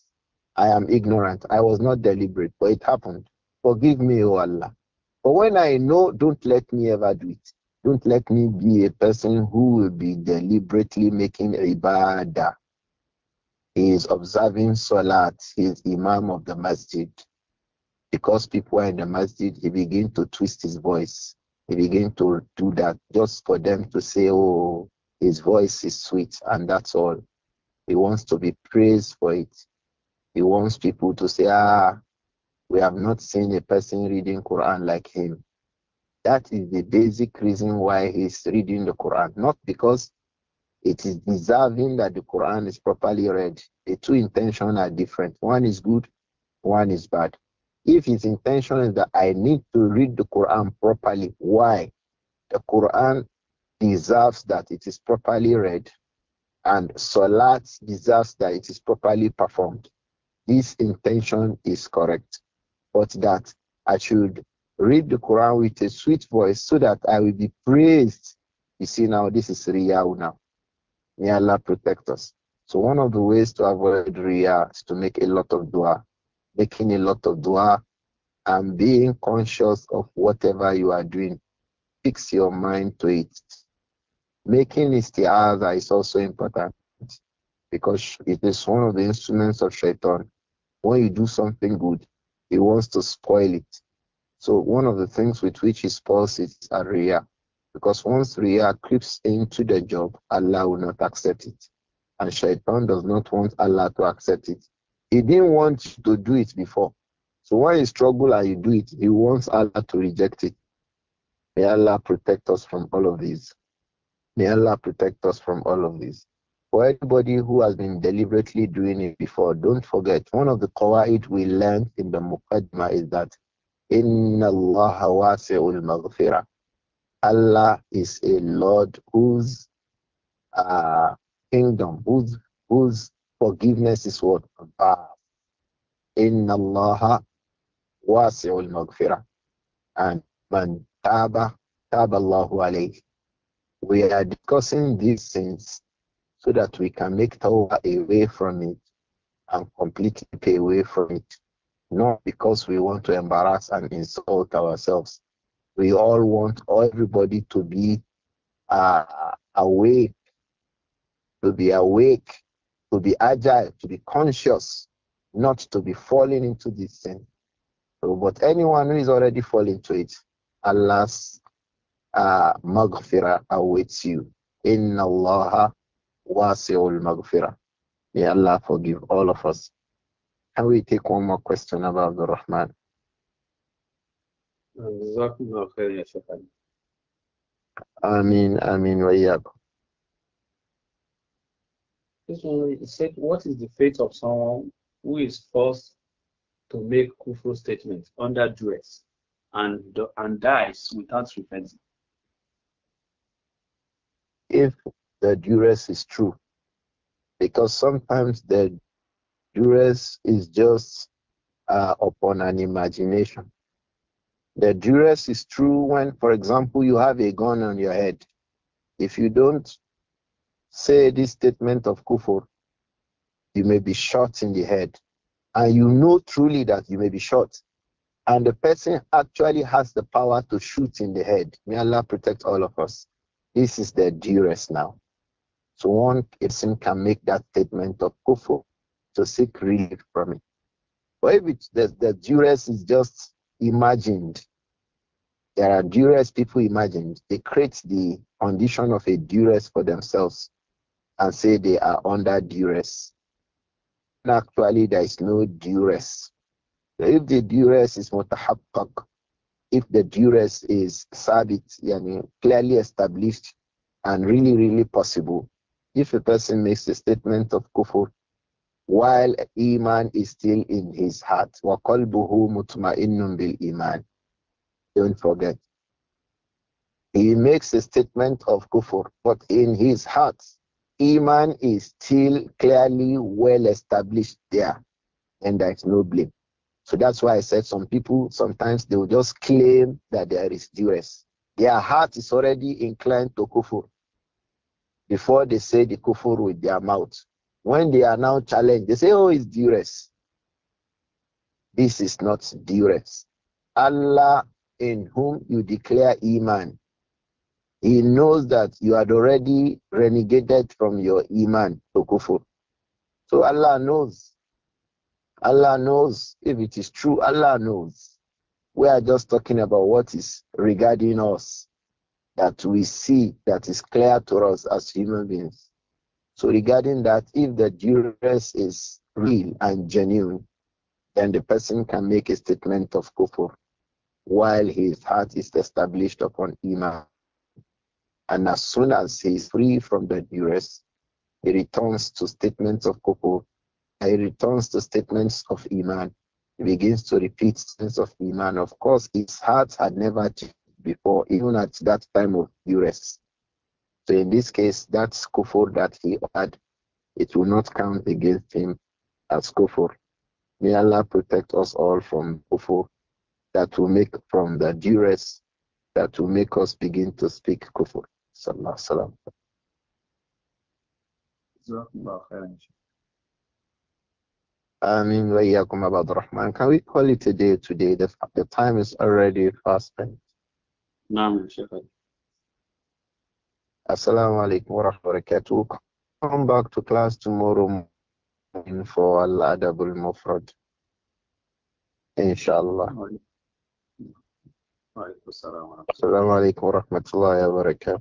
I am ignorant. I was not deliberate, but it happened. Forgive me, O Allah. But when I know, don't let me ever do it. Don't let me be a person who will be deliberately making ibadah. He is observing salat. He is imam of the masjid. Because people are in the masjid, he begins to twist his voice. He began to do that just for them to say, oh, his voice is sweet, and that's all. He wants to be praised for it. He wants people to say, ah, we have not seen a person reading Quran like him. That is the basic reason why he's reading the Quran, not because it is deserving that the Quran is properly read. The two intentions are different. One is good, one is bad. If his intention is that I need to read the Quran properly, why? The Quran deserves that it is properly read, and Salat deserves that it is properly performed. This intention is correct, but that I should read the Quran with a sweet voice so that I will be praised. You see, now this is Riyah now. May Allah protect us. So one of the ways to avoid Riyah is to make a lot of dua making a lot of dua, and being conscious of whatever you are doing. Fix your mind to it. Making istiaza is also important because it is one of the instruments of shaitan. When you do something good, he wants to spoil it. So one of the things with which he spoils it is Riyah. Because once Riyah creeps into the job, Allah will not accept it. And Shaitan does not want Allah to accept it. He didn't want to do it before. So when you struggle and you do it, he wants Allah to reject it. May Allah protect us from all of these. May Allah protect us from all of these. For anybody who has been deliberately doing it before, don't forget, one of the qawaid we learned in the muqaddima is that Allah اللَّهَ وَاسِعُ الْمَغْفِرَةِ Allah is a Lord whose uh, kingdom, whose, whose Forgiveness is what? Vast. Inna Allah wasi'ul maghfirah. And man taba, taba Allahu alayhi. We are discussing these sins so that we can make tawbah away from it and completely pay away from it. Not because we want to embarrass and insult ourselves. We all want everybody to be uh, awake, to be awake to be agile, to be conscious, not to be falling into this sin. So, but anyone who is already falling to it, Allah's uh, maghfirah awaits you. Inna Allah wasi'ul maghfirah. May Allah forgive all of us. Can we take one more question about the Rahman? amin amin wa this one it said, What is the fate of someone who is forced to make kufru statements under duress and, and dies without repenting? If the duress is true, because sometimes the duress is just uh, upon an imagination. The duress is true when, for example, you have a gun on your head. If you don't say this statement of kufur, you may be shot in the head. And you know truly that you may be shot. And the person actually has the power to shoot in the head. May Allah protect all of us. This is the duress now. So one person can make that statement of kufur to seek relief from it. But if the, the duress is just imagined, there are duress people imagined. They create the condition of a duress for themselves and say they are under duress. And actually, there is no duress. If the duress is mutahabbak, if the duress is sabit, yani clearly established and really, really possible, if a person makes a statement of kufr while iman is still in his heart, وَقَلْبُهُ مُطْمَئِنٌ iman. Don't forget, he makes a statement of kufr, but in his heart Iman is still clearly well established there, and there is no blame. So that's why I said some people sometimes they will just claim that there is duress. Their heart is already inclined to kufur before they say the kufur with their mouth. When they are now challenged, they say, Oh, it's duress. This is not duress. Allah in whom you declare Iman he knows that you had already renegated from your Iman to Kufur. So Allah knows. Allah knows if it is true, Allah knows. We are just talking about what is regarding us that we see that is clear to us as human beings. So, regarding that, if the duress is real and genuine, then the person can make a statement of kufur while his heart is established upon iman. And as soon as he is free from the duress, he returns to statements of and He returns to statements of iman. He begins to repeat statements of iman. Of course, his heart had never changed before, even at that time of duress. So in this case, that kufur that he had, it will not count against him as kufur. May Allah protect us all from kufur that will make from the duress that will make us begin to speak kufur sallallahu alaihi wasallam. wa iyaakum abad rahman. Can we call it a day today? The, the time is already fast spent. Naam, Sheikh. Assalamu alaikum wa rahmatullahi Come back to class tomorrow morning for Al Adabul Mufrad. Inshallah. Assalamu alaikum wa rahmatullahi wa barakatuh.